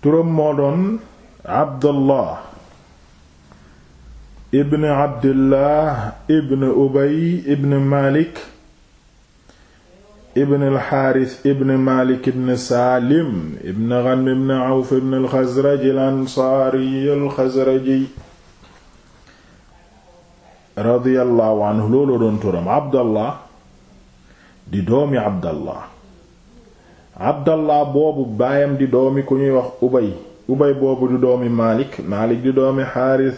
turam moo doon abdullah ibn abdillah ibn ubay ibn malik ibn alxaaris ibn malik ibn saalim ibn ghanm ibn awf ibn alxazraji alansaari alxazraji radiyallahu anhu looloo doon turam abdallah di doomi abdallah abdallah boobu baayam di doomi ku ñuy wax ubay ubay boobu di doomi maalik maalik di doomi xaaris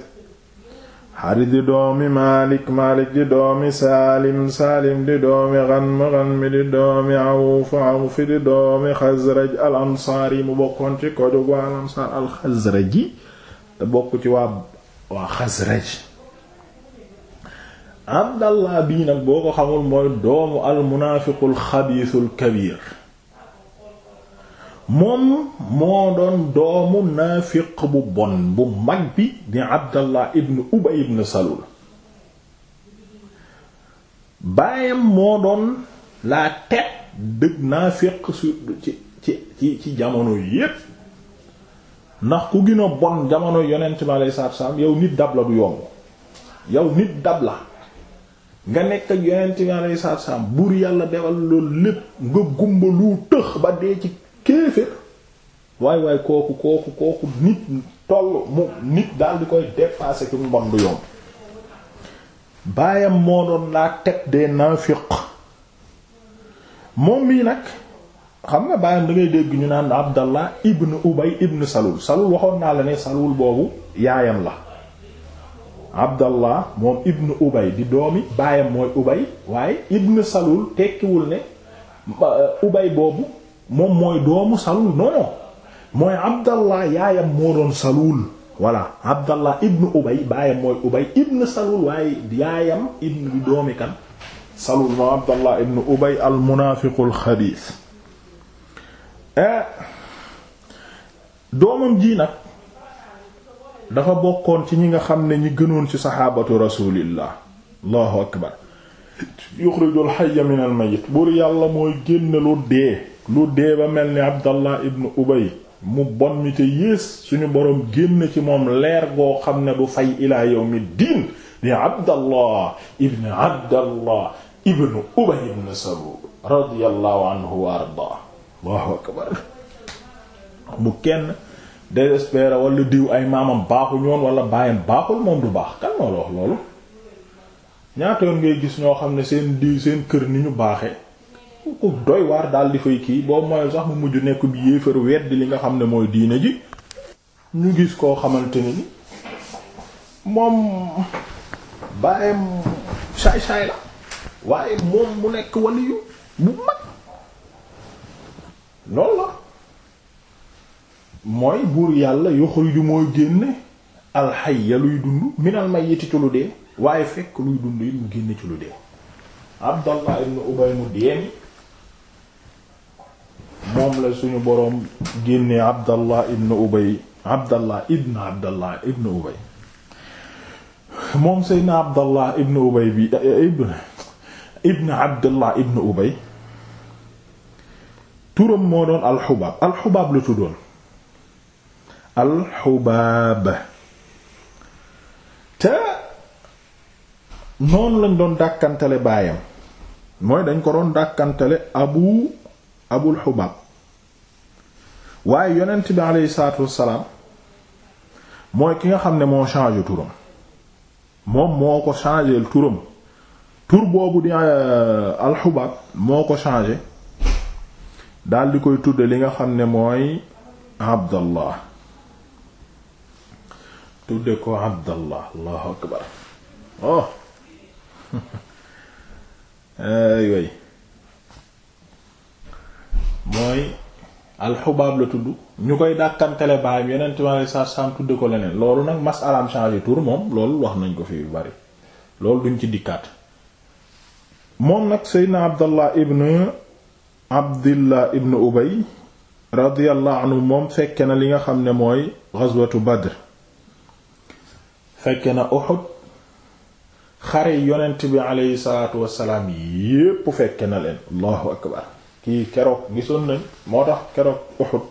xaaris di doomi maalik maalik di doomi saalim saalim di doomi xanm xanmi di doomi awf awf di doomi xasraj al ansaari mu bokkoon ci ko jóg waa al ansaar al xasraji te bokk ci waa waa abdallah bii nag boo ko xamul mooy doomu al munaafiqul xabiisul kabiir moom moo doon doomu naafiq bu bon bu mag bi di abdallah ibn ubay ibn salul baayam moo doon la tête dëgg naafiq su ci ci ci ci jamono yépp ndax ku gën bon jamono yonent bi salaam yow nit dab la du yomb yow nit dab la nga nekk ak yonent salaam buur yàlla defal loolu lépp nga gumba lu tëx ba dee ci kéefér waay waay kooku kooku kooku nit toll mu nit daal koy dépasser ci mbon du yomb baayam moo doon la tête des nafiq moom mii nag xam nga baayam da dégg ñu naan abdallah ibn ubay ibn salul salul waxoon naa la ne salul boobu yaayam la abdallah moom ibn ubay di doomi baayam mooy ubay waaye ibn salul tekkiwul ne ubay boobu moom mooy doomu Salul non mooy Abdallah yaayam moo doon Salul voilà Abdallah ibn Ubay baayam mooy Ubay ibn Salul waaye yaayam ibn bi doomi kan Salul moo Abdallah ibn Ubay al munaafiqul eh, doomam ji nag dafa bokkoon ci ñi nga xam ne ñi gënoon ci saxaabatu rasulillah allahu akbar yuxrijul hayya minal mayyit buur yàlla mooy génne lu dee lu dee ba mel ni abdallah ibnu ubay mu bon mi te yées suñu boroom génn ci moom leer goo xam ne du fay ilaa yawmi di abdallah ibnu abdallah ibnu ubay ibnu salul radiyallahu anhu wa ardaa allahu akbar bu kenn désespéré wala diw ay maamam baaxul woon wala baayam baaxul moom du baax kan moo la wax loolu ñaata ngay gis ñoo xam ne seen diw seen kër ni ñu baaxee ku doy waar daal di fay kii boobu mooy sax mu mujj nekk bi yéefar weddi li nga xam ne mooy diine ji ñu gis koo xamante ne ni moom baayam saay-saay la waaye moom mu nekk waliyu bu mag loolu la mooy buur yàlla yuxriju mooy génne alxayya luy dund minal mayyiti ci lu dee waaye fekk luy dund yi mu génne ci lu dee Abdallah Ubay mu deeni moom la suñu boroom génnee abdallah ibn ubay abdallah ibn abdallah ibn ubay moom seydna abdallah ibn ubay bi ibn abdallah ibn ubay turam moo doon alxubaab alxubaab la tuddoon alxubaab te noonu lañ doon dàkkantale baayam mooy dañ ko doon dàkkantale abu abul xubaab waaye yonent bi aleyhi salaatu wassalaam mooy ki nga xam ne moo changé turam moom moo ko changé turam tur boobu di euh, alxubaab moo ko changé daal di koy tudde li nga xam ne mooy abdallah tudde ko abdallah allahu akbar oh yooyu mooy alxubaab la tudd ñu koy dàkkantele baayam yeneen timale sa sam tudde ko leneen loolu nag masalaam changé tour moom loolu wax nañ ko fi bari loolu duñ ci dikkaat moom nag seydna abdallah ibn abdillah ibn ubay radiyallahu moom fekke na li nga xam ne mooy ghazwatu badr fekke na uhud xare yonent bi aleyhi salaatu wassalaam yépp fekke na leen allahu akbar kii keroog gisoon nañ moo tax keroog Uhud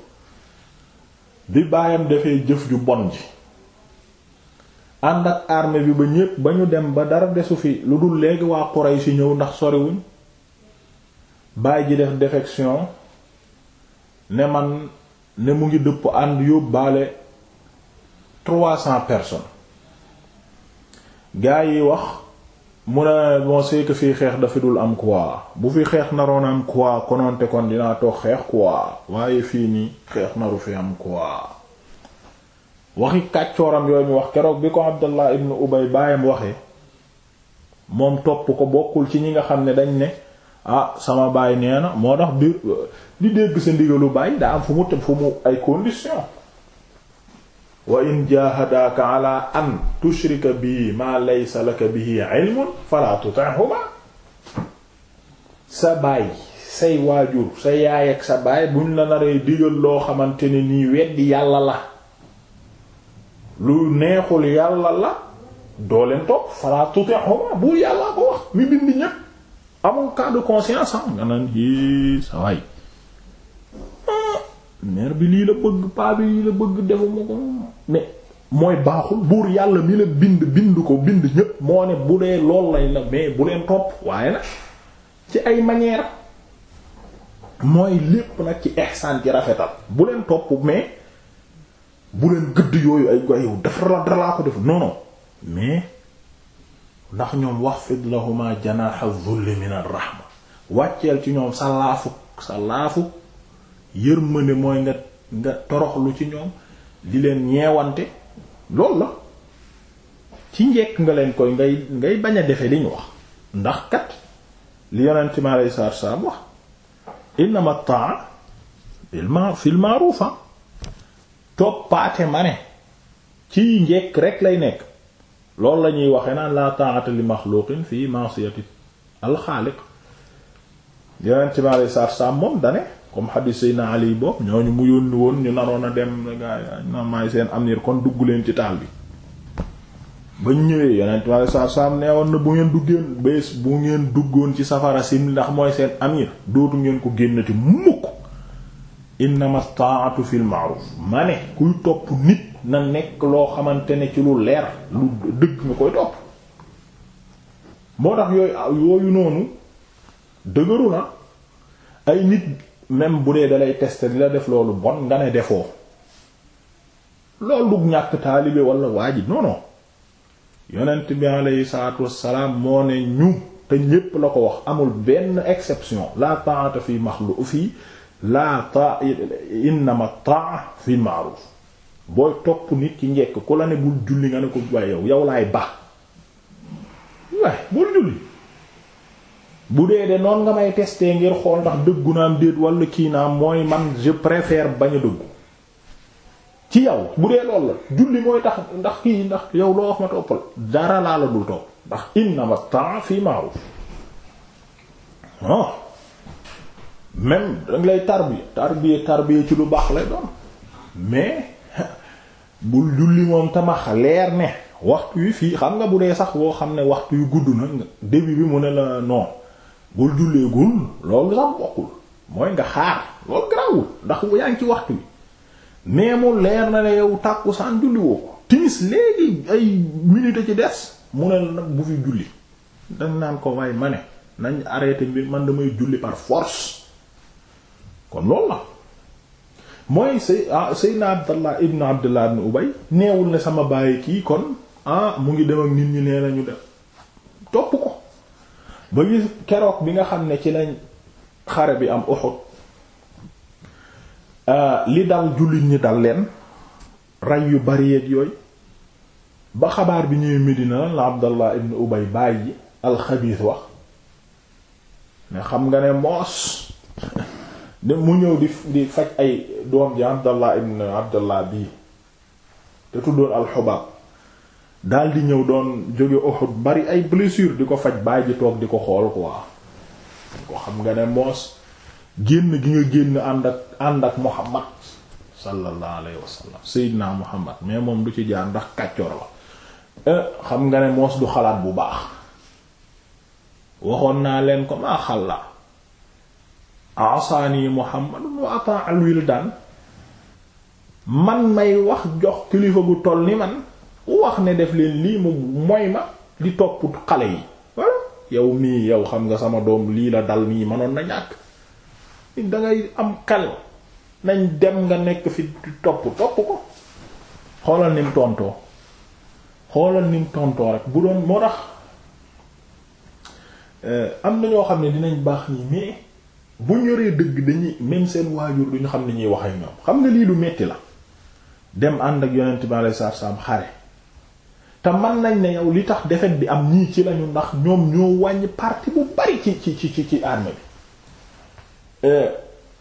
bi baayam dafee jëf ju bon ji ànd ak bi ba ñépp ba ñu dem ba dara desu fi lu dul léegi waa Quraysh si ñëw ndax soriwuñ baay ji def défection ne man ne mu ngi dëpp ànd yóbbaale trois cents personnes gaa yi wax mu ne bon c'est que fii xeex dafa dul am quoi bu fi xeex naroon am quoi kononte kon dinaa toog xeex quoi waaye fii nii xeex naru fi am quoi waxi kàccooram yooyu mu wax keroog bi ko Abdallah ibn Ubay baayam waxee moom topp ko bokkul ci ñi nga xam ne dañ ne ah sama baay nee moo tax di di dégg sa ndigalu baay daa am fu mu fu mu ay condition wa in jahadaaka ala an tushrika bi ma laysa laka bihi ilmun fala sa baay say waajur sa yaay ak sa baay buñ la naree digal loo xamante ne nii weddi yàlla la lu neexul yàlla la doo leen topp fala tutihuma bu yàllaa ko wax mi bind ñépp amul cas conscience am ah, nga naan hi waay mère bi lii la bëgg paa lii la bëgg defuma ko mais mooy baaxul buur yàlla mi la bind bind ko bind ñépp moo ne bu dee lool lay la mais bu leen topp waaye nag ci ay manière mooy lépp nag ci ihsaan ci rafetal bu leen topp mais bu leen gëdd yooyu ay goy yow dalaa ko def non mais ndax ñoom wax lahuma janaha dhulli min ar-rahma wàcceel ci ñoom sa laafu yërmande mooy nga nga toroxlu ci ñoom di leen ñeewante loolu la ci njekk nga leen koy ngay ngay bañ a defe liñ wax ndax kat li yonent mi alayhi salaatu salaam wax innama ta'a fil ma'ruf toppaate ma ne ci njekk rek lay nekk loolu la ñuy waxee naan la ta'ata li maxluqin fi ma'siyati al xaaliq yonent mi alayhi moom dane comme xadis Seydina Ali boobu ñooñu mu yónni woon ñu naroon a dem gaay na seen amnir kon dugg leen ci taal bi bañ ñëwee ngeen duggoon ci safara si ndax mooy seen amir dootu ngeen ko génnati mukk innama taatu fil ma'ruf ma ne kuy na nekk loo xamante ne ci lu leer lu dëgg nga yooyu noonu dëgëru na ah. ay nit même bu dee dalay tester di la def loolu bon nga ne defoo loolu du ñàkk taalibe wala waa ji non yonent bi aleyhi salaatu wassalaam moo ne ñu te ñépp la ko wax amul benn exception la ta'ata fi maxlu fi la ta innama ta'a fi ma'ruf booy topp nit ki njekk ku la ne bul julli nga ne ko waaye yow yow laay baax waaye bul julli bu dee de noonu nga may tester ngir xool ndax dëggu naam déet wala kii naam mooy man je préfère bañ a dëggu ci yow bu dee loolu la julli mooy tax ndax kii ndax yow loo wax ma toppal dara laa la dul topp ndax innama fii ma'ruf non ah. même danga lay tarbiya tarbiya tarbiya ci lu baax lay doon mais bul julli tamax leer ne waxtu yu fii xam nga bu dee sax woo xam ne waxtu yu gudd na début bi mu ne la non bul julleegul loolu sax bokkul mooy nga xaar loolu garaawul ndax yaa ngi ci waxtu bi mais mu leer na ne yow tàkkusaan julli woo ko timis léegi ay minute ci des mu ne la nag bu fi julli dañ naan ko waaye ma ne nañ arrêté mbir man damay julli par force kon loolu la mooy say ah Seydina Abdallah ibn Abdallah ibn Ubay neewul ne sama bàyyi kii kon ah mu ngi dem ak nit ñi nee nañu def topp ba gis keroog bi nga xam ne ci lañ xare bi am Uhud euh, li dal jullit ñi dal leen rey yu bari ak yooyu ba xabaar bi ñuy Medina lan la Abdallah ibn Ubay bàyyi alxabiis wax ne xam nga ne moos ne mu ñëw di faj ay doom ji Abdallah ibn Abdallah bii te tuddoon alxubaab daal di ñëw doon jóge Uhud bari ay blessure di ko faj bàyyi ji toog di ko xool quoi ko xam nga ne moos génn gi nga génn ànd ak ànd ak Muhammad sallallahu alayhi wa sallam Muhammad mais moom du ci jaar ndax kàccoor eh, xam nga ne moos du xalaat bu baax waxoon naa leen ko maa xalla asaani Muhammadun wa man may wax jox kilifa gu toll ni man wax ne def leen lii mu mooy ma di topp xale yi voilà yow mii yow xam nga sama doom lii la dal mii mënoon na ñàkk da ngay am xel nañ dem nga nekk fi topp topp ko xoolal ni tontoo xoolal ni tontoo rek bu doon moo tax eh, am na ñoo xam ne dinañ baax nii mais bu ñoree dëgg dañuy même seen waajur duñu xam ne ñuy wax ñoom xam nga lii lu metti la dem ànd ak yonent bi alayhi salaam xare te man nañ ne yow li tax defet bi am ñii ci lañu ndax ñoom ñoo wàññi parti bu bari ci ci ci ci bi euh,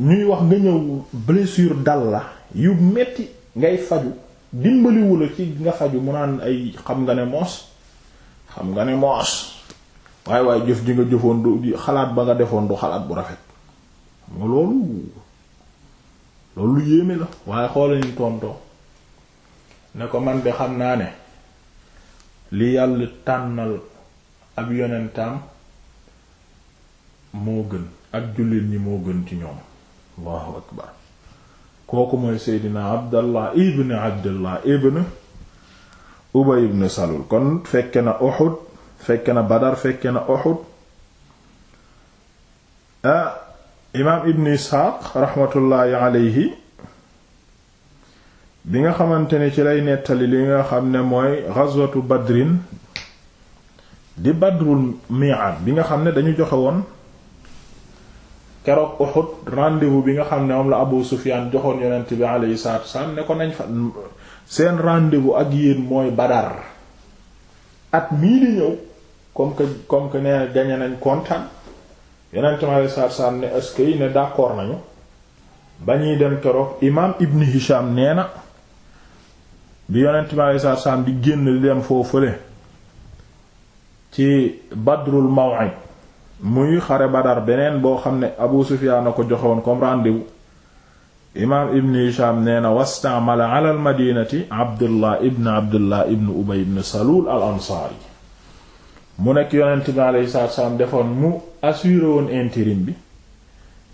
ñuy wax nga ñëw blessure dal la yu metti ngay faju dimbaliwula ci nga faju mu naan ay xam nga ne moos xam nga ne moos waaye waaye jëf ji nga jëfoon du xalaat ba nga defoon du xalaat bu rafet nga loolu loolu yéeme la waaye xoola ñu tontoo ne ko man de xam naa ne li yàlla tànnal ab yonentaam moo gën ak jullit ñi moo gën ci ñoom allahu akbar kooku mooy seydina abdallah ibn abdallah ibn ubay ibn salul kon fekke na uhud fekke na badar fekke na uhud ah, imaam ibn isxaaq raxmatullaahi aleyhi bi nga xamante ne ci lay nettali li nga xam ne mooy ghazwatu badrin di badrul mi'ad bi nga xam ne dañu joxe woon keroog Uhud rendez bi nga xam ne moom la Abu Sufyan joxoon yonent bi alayhi salaatu wasallam ne ko nañ fa seen rendez ak yéen mooy Badar at mii di ñëw comme que comme que nee gañe nañ kontaan yonent bi alayhi salaatu wasallam ne est que yi ne d'accord nañu ba ñuy dem keroog imaam Ibn Hisham nee na bi yonent bi aleyhi salaatu salaam di génn di dem foofule ci badrul maw'id muy xare badar beneen boo xam ne abu sufiyaan a ko joxewoon comme rendez imaam ibn hisham nee na wastaamala madinati abdullah ibn abdullah ibn ubay ibn salul al ansaari mu nekk yonent bi aleyhi salaatu salaam defoon mu assuré woon bi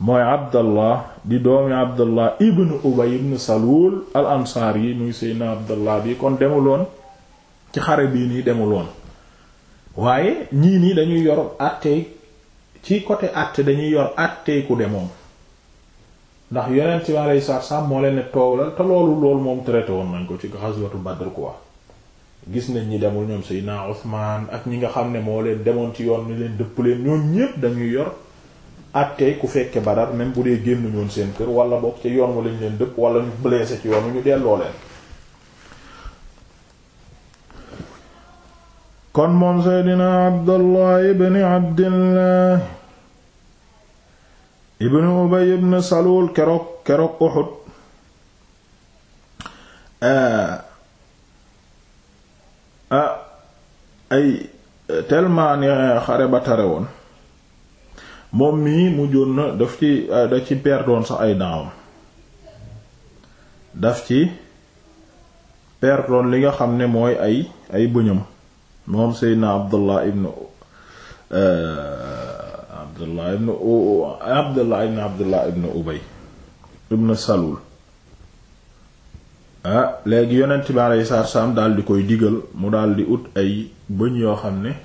mooy abdallah di doomi abdullah ibn ubay ibn salul al ansaar yi muy seydna abdullah bi kon demuloon ci xare bii nii demuloon waaye ñii nii dañuy yor àttee ci côté àtte dañuy yor àttee ku demoon ndax yonent bi alayhi salaatu salaam moo leen ne toogalal te loolu lool moom traité woon nañ ko ci ghazwatu Badr quoi gis nañ ñi demul ñoom Seydina Usmaan ak ñi nga xam ne moo leen demoon ci yoon ni leen dëpp leen ñoom ñépp dañuy yor àttee ku fekke Badar même bu dee génnuñu woon seen kër wala boog ca yoon wa lañ leen dëpp wala ñu blessé ci yoonu ñu delloo leen kon moom Seydina Abdallah ibn Abdillah ibn Ubay ibn Salul keroog keroog Uhud ah, ah, ay tellement ne xare ba tare woon moom mii mujjoon na daf ci euh, da ci perdoon sax ay daawam daf ci perdoon li nga xam ne mooy ay ay bëñam moom seydna euh, abdullah ibn abdullah ibn ubay ibn salul ah léegi yonent bi alayhi salaam daal di koy diggal mu daal di ut ay bëñ yoo xam ne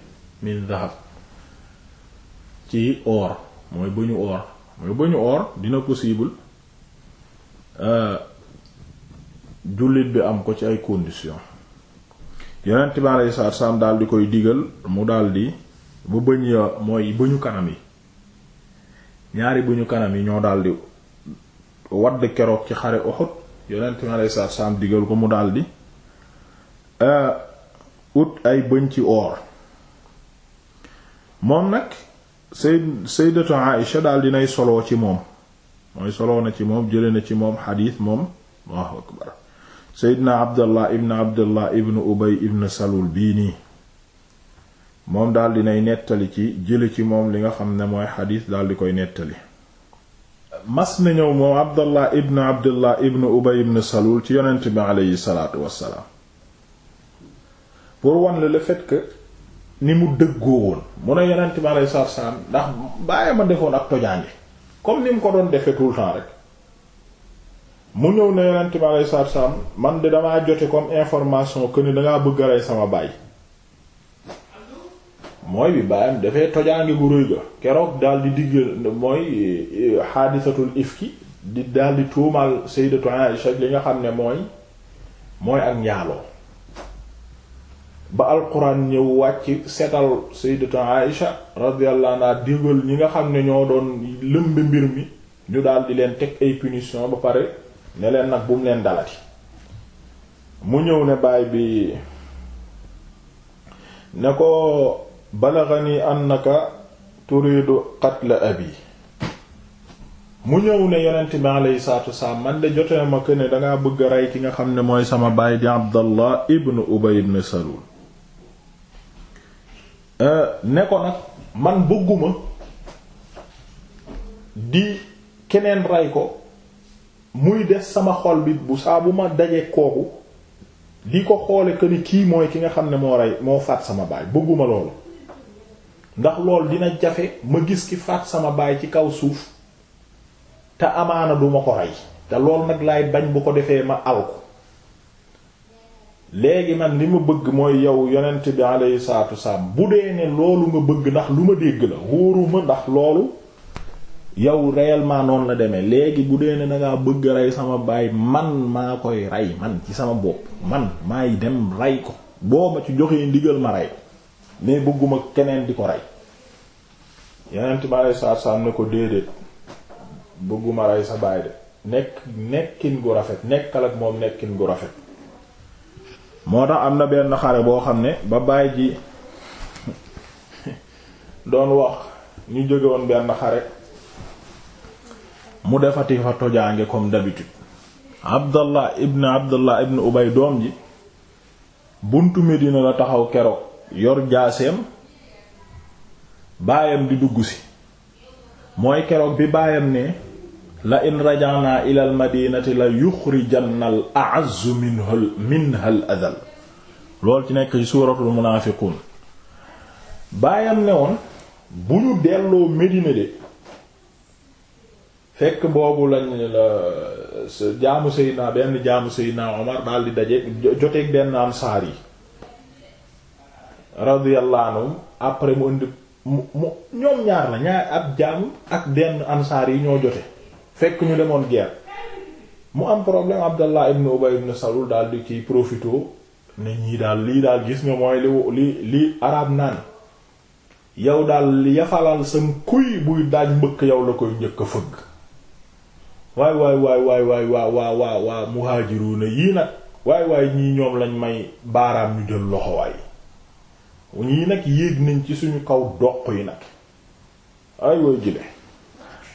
min dahab ci or mooy bëñu or mooy bëñu or dina possible euh, jullit bi am ko ci ay condition yonent bi alayhi salaatu salaam daal di koy digal mu daldi ba bëñ ya mooy bëñu kanam yi ñaari bëñu kanam yi ñoo daldi wadd keroog ci xare Uhud yonent bi alayhi salaatu salaam digal ko mu daldi euh, ut ay bëñ ci or moom nag sayd saydatu Aïsha daal dinay soloo ci moom mooy soloo na ci moom jële na ci moom xadiis moom Allahu akbar seydna Abdallah ibn Abdallah ibn Ubay ibn Salul bii nii moom daal dinay nettali ci jële ci moom li nga xam ne mooy xadiis daal di koy nettali mas na ñëw moom Abdallah ibn Abdallah ibn Ubay ibn Salul ci yonent bi aleyhi salaatu wassalaam pour wan le fait que ni mu dëggoo woon mu ne yonent bi aleyhi salaatu salaam ndax bàyyi ma defoon ak tojaange comme ni mu ko doon defee tour le temps rek mu ñëw ne yonent bi aleyhi salaatu salaam man de damaa jote comme information que ni dangaa bëgg a rey sama baay mooy bi bàyyam dafay tojaange bu rëy ga keroog daal di diggal mooy xaadisatul eh, ifki di daal di tuumal sayyidatu Aisha li nga xam ne mooy mooy ak njaaloo ba alquran ñëw wàcc setal sayyidatu Aïsha radiyallahu anha digal ñi nga xam ne ñoo doon lëmb mbir mi ñu daal di leen teg ay punition ba pare ne leen nag bu mu leen dalati mu ñëw ne baay bi ne ko balaghani annaka turidu qatla abi mu ñëw ne yonent bi alayhi salaatu wasalaam man de jotee ma ko ne dangaa bëgg rey ki nga xam ne mooy sama baay di Abdallah ibn Ubay ibn Salul Euh, ne ko nag man bëgguma di keneen rey ko muy des sama xol bi bu saa bu ma dajee kooku di ko xoole que ni kii mooy ki nga xam ne moo rey moo faat sama baay bëgguma loolu ndax loolu dina jafe ma gis ki faat sama baay ci kaw suuf te amaana duma ko rey te loolu nag laay bañ bu ko defee ma alko léegi nag li ma bëgg mooy yow yonent bi alayhi salaatu wasalaam bu dee ne loolu nga bëgg ndax lu ma dégg la wóoruma ndax loolu yow réellement noonu la demee léegi bu dee ne dangaa bëgg rey sama baay man maa koy rey man ci sama bopp man maay dem rey ko boo ma ci joxee ndigal ma rey ko mais bëgguma keneen di ko rey yonent bi alayhi salaatu wasalaam ne ko déedéet bëgguma rey sa baay de nekk nekkin gu rafet nekkal ak moom nekkin gu rafet moo tax am na benn xare boo xam ne ba baay ji doon wax ñu jóge woon benn xare mu defati fa tojaange comme d'habitude abdallah ibn abdallah ibn ubay doom ji buntu Medina la taxaw keroog yor jaaseem baayam di dugg si mooy keroog bi baayam ne la in rajaana ila madinati la yuxrijanna al a'azzu minha minha al adal loolu ci nekk ci suuratul munaafiquun baayam ne woon bu ñu delloo Medina de fekk boobu lañ la jaamu Seydina benn jaamu Seydina Omar daal di daje joteeg benn ansaar yi radiyallahu anhum après mu indi mu ñoom ñaar la ñaar ab jaam ak benn ansaar yi ñoo jote fekk ñu demoon guerre mu am problème Abdallah ibn Ubay ibn Salul daal di ciy profitoo ne ñii daal lii daal gis nga mooy li li li naan yow daal yafalal sam kuy buy daaj mbëkk yow la koy njëkk a fëgg waay waay waay waay waay waa waa waa ñii ñoom lañ may baaraam ñu jël loxo waay ñii nag yéeg nañ ci suñu kaw doq yi nag ay way jile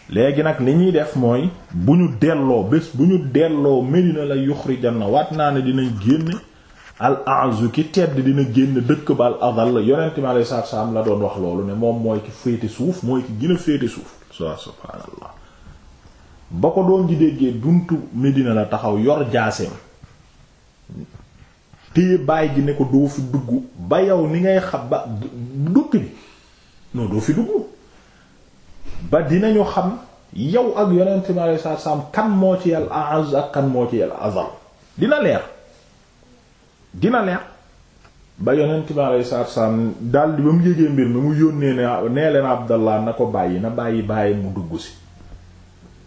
léegi nag ni ñuy def mooy bu ñu delloo bés bu ñu delloo Medina la yuxrijanna waat naa ne dinañ génn al azu ki tedd dina génn dëkk ba al adal yonent mi alayhi salaatu salaam la doon wax loolu ne moom mooy ki féete suuf mooy ki gën a féete suuf so subhaanallah ba ko doom ji déggee buntu Medina la taxaw yor jaaseem téye baay gi ne ko doo fi dugg ba yow ni ngay xab ba dukk bi non doo fi dugg ba dinañu xam yow ak yonent bi alayhi salaatu salaam kan moo ci yàlla aaz ak kan moo ci yàlla dina leer dina leer ba yonent bi alayhi salaatu salaam daldi ba mu yégee mbir mi mu yónnee ne nee leen Abdallah na ko bàyyi na bàyyi bàyyi mu dugg si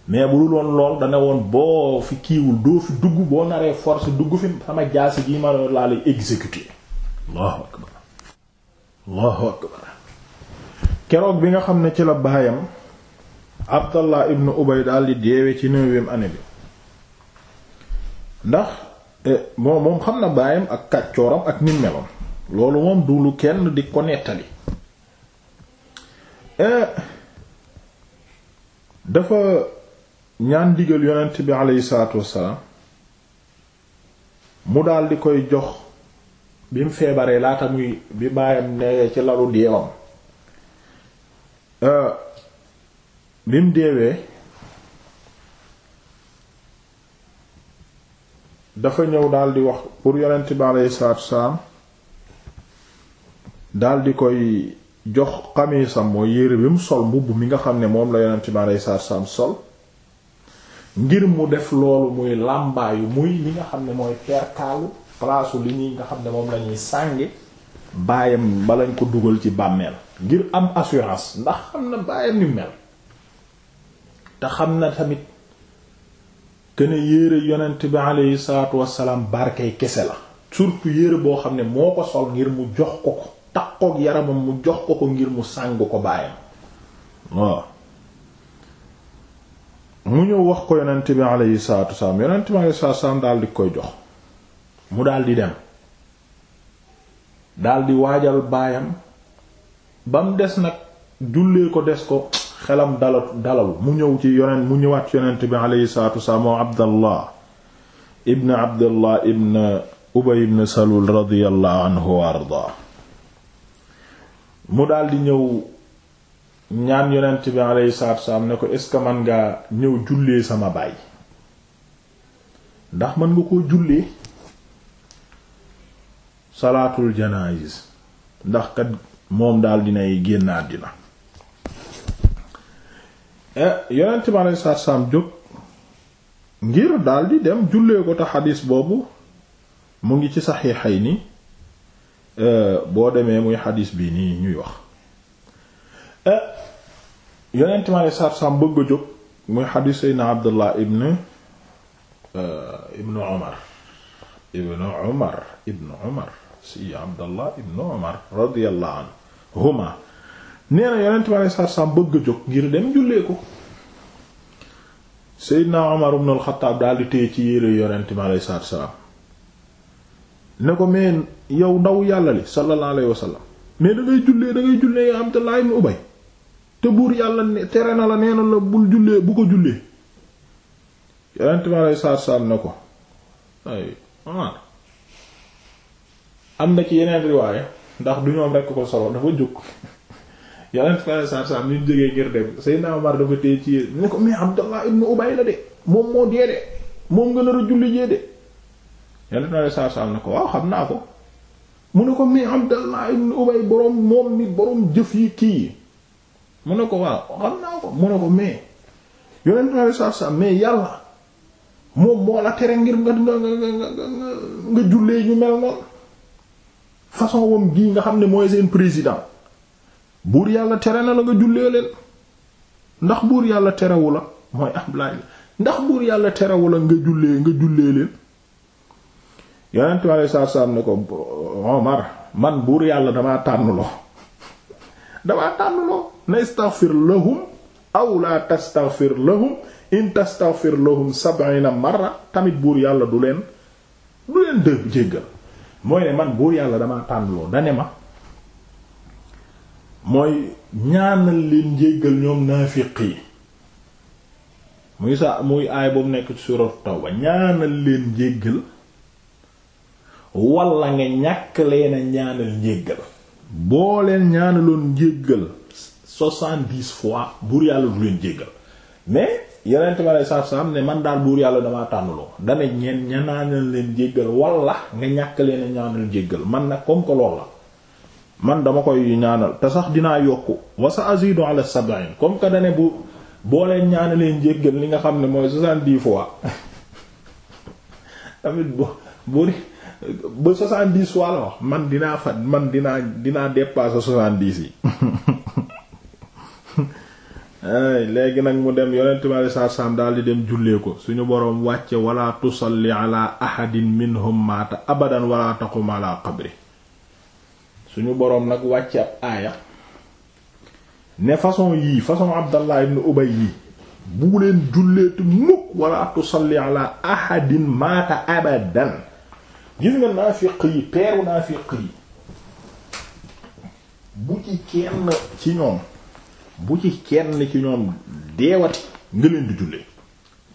mais bu dul woon lool dana woon boo fi kiiwul doo fi dugg boo naree force dugg fi sama jaasi gi ma laa lay exécuter Allahu akbar Allahu akbar keroog bi nga xam ne ci la baayam Abdallah ibn Ubay daal di deewe ci neuvième année ndax eh, moom moom xam na baayam ak kàccooram ak nim meloon loolu moom du kenn di ko nettali eh, dafa ñaan digal yonent bi aleyhi salaatu wassalaam mu daal di koy jox bim feebaree laata muy bi baayam ne ci lalu deewam eh, bi mu deewee dafa ñëw di wax pour yonent bi aleyhi salaatu salaam di koy jox xamisam mooy yére bi mu sol mbubb mi nga xam ne moom la yonent bi aleyhi salaatu salaam sol ngir mu def loolu muy làmbaayu muy li nga xam ne mooy perkaalu palaasu li ñuy nga xam ne moom lañuy sàngi baayam balañ ko dugal ci bàmmeel ngir am assurance ndax xam na baayam ni mel te xam na tamit gën a yére yonent bi aleyhi salaatu wassalaam barkey kese la surtout yére boo xam ne moo ko sol ngir mu jox ko ko takkook yaramam mu jox ko ko ngir mu sàng ko baayam waaw mu ñëw wax ko yonent bi aleyhi salaatu wassalaam yonent bi aleyhi salaatu wassalaam daal di koy jox mu daal di dem daal di waajal baayam ba des nag jullee ko des ko xelam dala dalaw mu ñëw ci yonent mu ñëwaat ci yonent bi aleyhi salatu wasalaam moom abdallah ibn abdallah ibn ubay ibn salul radiallahu anhu wa arda mu daldi ñëw ñaan yonent bi aleyhi salatu wasalaam ne ko est man nga ñëw jullee sama baay ndax mën nga koo jullee salaatul janaayiz ndax kat moom daal dinay génn àddina Eh, yonent mi alayhi salaatu salaam jóg ngir daldi dem jullee ko te xadiis boobu mu ngi ci saxiixayni eh, boo demee muy xadiis bii nii ñuy wax eh, yonent mi alayhi salaatu salaam bëgg a jóg muy xadiis Seydina Abdullah ibn ibnu Umar ibnu Umar ibnu Umar si Abdullah ibnu nee na yonent bi aleyhi salaatu salaam bëgg a jóg ngir dem jullee ko Seydina Umar ibn al-Khattab daal di téye ci yére yonent bi aleyhi salaatu salaam ne ko mais yow ndaw yàlla li sallallahu mais da ngay jullee da ngay jullee na la nee na la bul jullee bu ko jullee yonent bi aleyhi am na ci yeneen riwaaye ndax du ñoom rekk ko solo dafa jóg. yeneen frère Sarr ñu jógee ngir dem Seydina Omar dafa téye ci yéen ne ko mais Abdallah ibn Ubay la de moom moo moom nga nar a julli ne ko waaw xam naa ko mu ne ko mais Abdallah ibn Ubay mi borom jëf yi kii mu ne ko waaw xam mu ne ko mais yeneen frère Sarr mais yàlla moom moo la tere ngir nga nga nga nga jullee ñu mel noonu façon wam gii nga xam ne mooy seen président. buur yàlla tere na la nga jullee leen ndax buur yàlla terewu la mooy am laaj ndax buur yàlla terewu la nga jullee nga jullee leen yonent mi aleyhi salaatu salaam ne ko Omar man buur yàlla damaa tànnuloo damaa tànnuloo na istaghfir lahum aw la tastaghfir lahum in tastaghfir lahum sab'ina marra tamit buur yàlla du leen du leen dëgg jéggal mooy ne man buur yàlla damaa tànnuloo dane ma mooy ñaanal leen jéggal ñoom naafiq yi muy sa muy aay boobu nekk ci suuratu tawba ñaanal leen jéggal wala nga ñàkk leen a ñaanal njéggal boo leen ñaanaloon njéggal soixante-dix fois buur yàlla du leen jéggal mais yenent ma lay saaf-saam ne man daal buur yàlla damaa tànnuloo dane ñeen ñanaanal leen jéggal wala nga ñàkk leen a ñaanal njéggal man nag comme que lool la man dama koy ñaanal te sax dinaa yokk wa sa azidu ala sab'in comme que dane bu boo leen ñaanalee njéggal li nga xam ne mooy soixante-dix fois tamit bu bu ba soixante-dix fois la wax man dinaa fa man dinaa dinaa dépasser soixante-dix yi léegi nag mu dem yonent bi alei saatu salaam daal di dem jullee ko suñu boroom wàcce wala tusalli ala ahadin minhum maata abadan wala taqum ala qabri suñu boroom nag wàcc ab aaya ne façon yii façon Abdallah ibn Ubay yii bu leen julleetu mukk wala tusalli ala ahadin maata abadan gis nga naafiq yi peeru naafiq yi bu ci kenn ci ñoom bu ci kenn ci ñoom deewati nga leen di jullee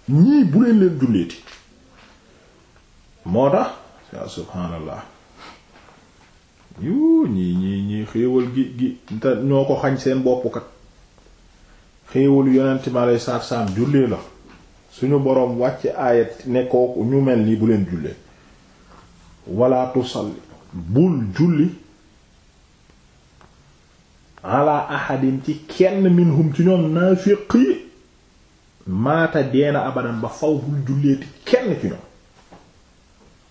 ñii bu leen leen julleeti moo tax subhaanallah yu ñii ñii ñii xéewal gi gi te ñoo ko xañ seen bopp kat xéewalu yonent mi aleyhi salaatu salaam la suñu boroom wàcc aayat ne kooku ñu mel ni bu leen jullee wala tusalli bul julli ala ahadin ci kenn minhum ci ñoom naafiq yi maata deena abadan ba faw bul julleeti kenn ci ñoom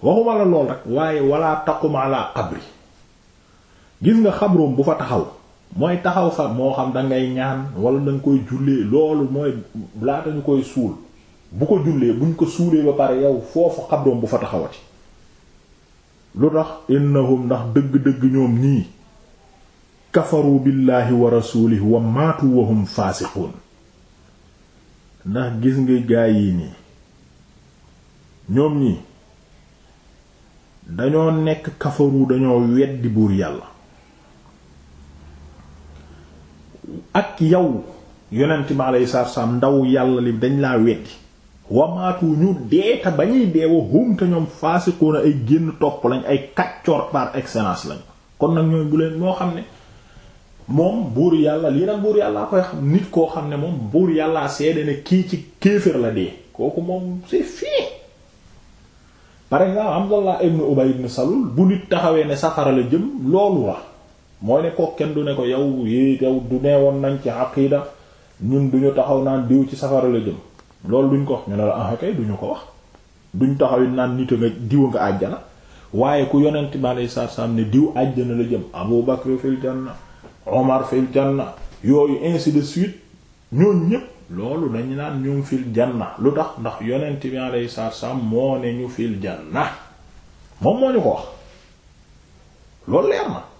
waxuma la lool rek waaye wala taqum ala qabri gis nga xabroom bu fa taxaw mooy taxaw sax moo xam da ñaan wala da koy jullee loolu mooy laata ñu koy suul bu ko jullee buñ ko suulee ba pare yow foofu xabroom bu fa taxawati lu tax innahum ndax dëgg-dëgg ñoom ñii kafaru billahi wa rasulihi wa maatu wa hum ndax gis nga gaa yi nii ñoom ñii dañoo nekk kafaru dañoo weddi buur yàlla ak yow yonent mi alayhi salaatu salaam ndaw yàlla li dañ laa weddi wamaatu ñu dee ba ñuy dee wa hum te ñoom faasiquuna ay génn topp lañ ay kaccoor par excellence lañ kon nag ñooy bu leen moo xam ne moom buur yàlla lii nag buur yàllaa koy nit koo xam ne moom buur yàlla seede ne kii ci kéefër la dee kooku moom c'est fini par exemple Abdallah ibn Ubay ibn Salul bu nit taxawee ne safara la jëm loolu la mooy ne kook kenn du ne ko yow yi yow du neewoon nañ ci aqida ñun duñu taxaw naan diw ci safara la jëm loolu duñ ko wax ñu ne la ah kay duñu ko wax duñ taxaw naan nit nga diw nga àjjana waaye ku yonent bi alayhi salaam ne diw àjjana la jëm Abu Bakr fil janna Omar fil janna yooyu ainsi de suite ñooñu ñëpp loolu dañu naan ñoom fil janna lu tax ndax yonent bi alayhi salaam moo ne ñu fil janna moom moo ñu ko wax loolu leer na.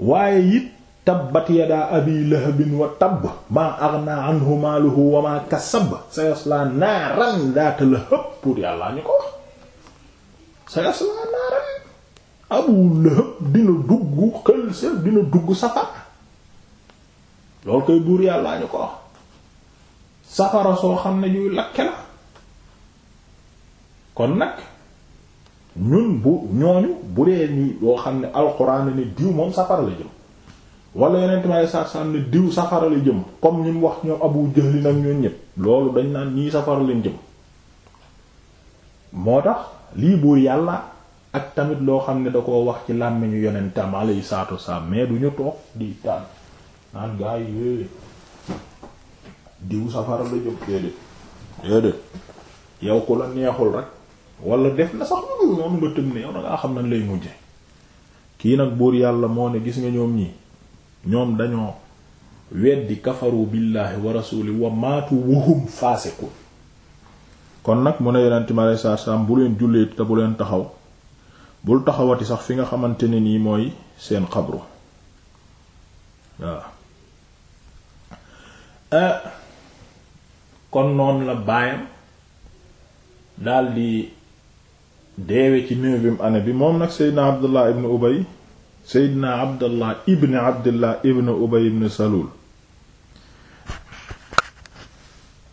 waaye it tabbat yadaa abi lahabin wa tabb maa aghnaa anhu maaluhu wa maa kasab sayaslaa naaran daata lahab pour yàllaa ñu ko wax sayaslaa naaran abu lahab dina dugg xël sa dina dugg safara loolu koy buur yàllaa ñu ko wax safara soo xam ne yuy lakke la kon nag ñun bu ñooñu bu dee nii yoo xam ne alxuraan ne diw moom safara la jëm wala yeneen tamit ay sarsaan ne diw safara la jëm comme ñi wax ñoom Abu Jahl nag ñoom ñëpp loolu dañ naan ñii safara lañ jëm moo tax lii buur yàlla ak tamit loo xam ne da ko wax ci làmmiñu yonentam alayhi salaatu wassalaam mais du ñu toog di tànn naan gaa yi diw safara la jëm déedéet déedéet yow ku la neexul rek. wala def na sax lu noonu nga tëm ne yow da ngaa xam nañ lay mujje kii nag buur yàlla moo ne gis nga ñoom ñi ñoom dañoo weddi kafaru billahi wa rasuli wa maatu wuhum faasiqun kon nag mu ne yonente mi aleyhi te bu taxaw bul taxawati sax fi nga xamante ne nii mooy seen xabru ah. noonu la baayam daldi deewe ci neuvième année bi moom nag seydna abdullah ibn ubay seydna abdullah ibn abdullah ibn ubay ibn salul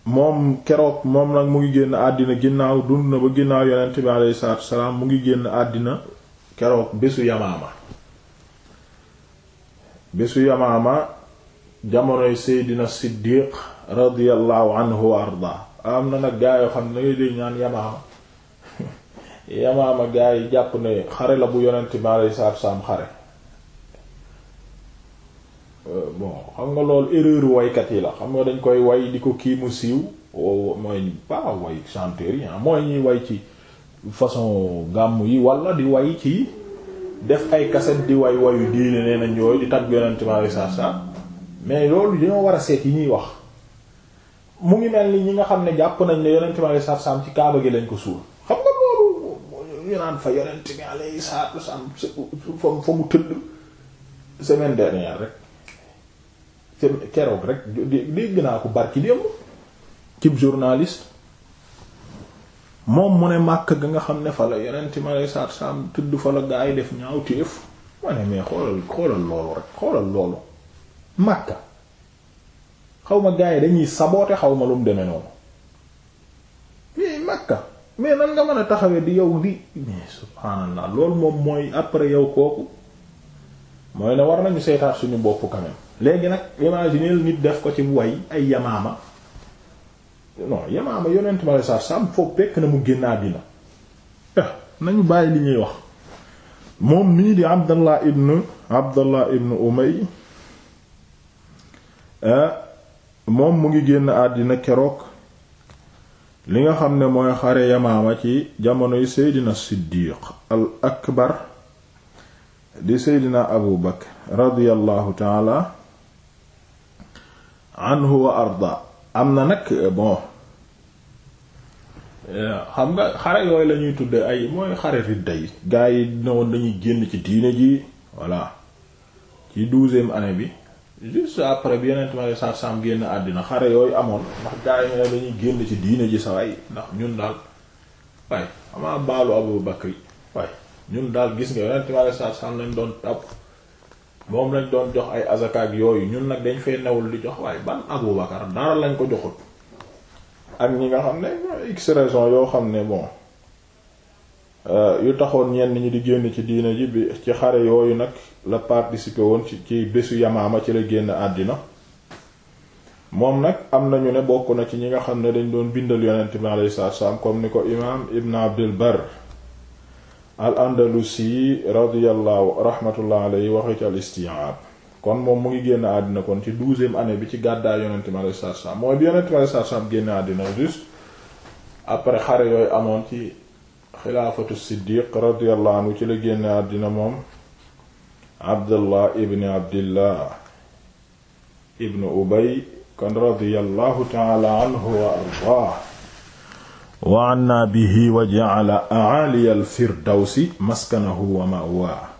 moom keroog moom nag mu ngi génn àddina ginnaaw dund na ba ginnaaw yonent bi aleyhi salaatu mu ngi génn àddina keroog bésu yamaama bésu yamaama jamonoy seydina siddiq radiallahu anhu wa am na nag gaayoo xam ne dangay dégg ñaan yamaama yamaama gaa yi jàpp ne xare la bu yonent bi alayhi salaatu salaam xare euh, bon xam nga loolu erreur woykat yi la xam nga dañ koy way di ko kii mu siiw oh, mooy pas way chanteur ah, mooy ñuy way ci façon gàmm yi wala di way ci def ay kaset di way wayu diine nee nañ yooyu di tag yonent bi alayhi salaatu mais loolu dañoo war a seet yi ñuy wax mu ngi mel ni ñi nga xam ne jàpp nañ ne yonent bi alayhi salaatu ci kaaba gi lañ ko suul naan fa yonent bi alayhi salaatu wasalaam fa mu tëdd semaine dernière rek keroog rek dégg naa ko barki démb cib journaliste moom mu ne màkk ga nga xam ne fa la yonent bi alayhi salaatu wasalaam tëdd fa la gaa def ñaaw téef ma ne mais xoolal xoolal loolu rek xoolal loolu màkka xaw ma gaa yi dañuy saboote xaw ma lu mu demee noonu mais màkka mais nan nga mën a taxawee di yow di mais subhaanallah loolu moom mooy après yow kooku mooy ne war nañu seetaat suñu bopp quand léegi nag imaginer nit def ko ci way ay yamaama non yamaama yonent ma la sa sam foofu fekk na mu génn àddina eh, nañu bàyyi li ñuy wax moom nii di abdallah ibn abdallah ibn umay eh, moom mu ngi génn àddina keroog li nga xam ne mooy xare yamaama ci jamonoy seydina siddiq al akbar di seydina abu bakar radiallahu taala anhu wa arda am na nag bon xam nga xare yooyu lañuy tudde ay mooy xare ridda yi gaa yi dina woon génn ci diine ji voilà ci douzième année bi juste après bi yeneen tamit saa saam génn àddina xare yooyu amoon ndax gaa yi dañuy génn ci diine ji sa ay ndax ñun daal waaye amaa baalu Abu Bakr waaye ñun daal gis nga yeneen tamit saa saam lañ doon tàpp moom lañ doon jox ay azakaak yooyu ñun nag dañ fee newul di jox waaye ban Abu Bakr dara lañ ko joxut ak ñi nga xam ne x raison yoo xam ne bon. Euh, yu taxoon ñenn ñi di génn ci diina ji bi ci xare yooyu nag la participer woon ci ci bésu yamaama ci la génn àddina moom nag am na ñu ne bokk na ci ñi nga xam ne dañ doon bindal yonent bi alayhi salaatu wassalaam comme ni ko imaam ibn abdul bar al andalusi radiyallahu rahmatullah alayhi waxi ci al isti'ab kon moom mu ngi génn àddina kon ci douzième année bi ci gàddaay yonent bi alayhi salaatu wassalaam mooy bi yonent bi alayhi salaatu wassalaam àddina juste après xare yooyu amoon ci xilaafatu siddiq radiyallahu anhu ci la génne àddina moom abdullah ibn abdillah ibn ubay kon radiyallahu taala anhu wa ardaah wa anna bihi wa ja'ala a'ali al-firdawsi maskanahu wa ma'waa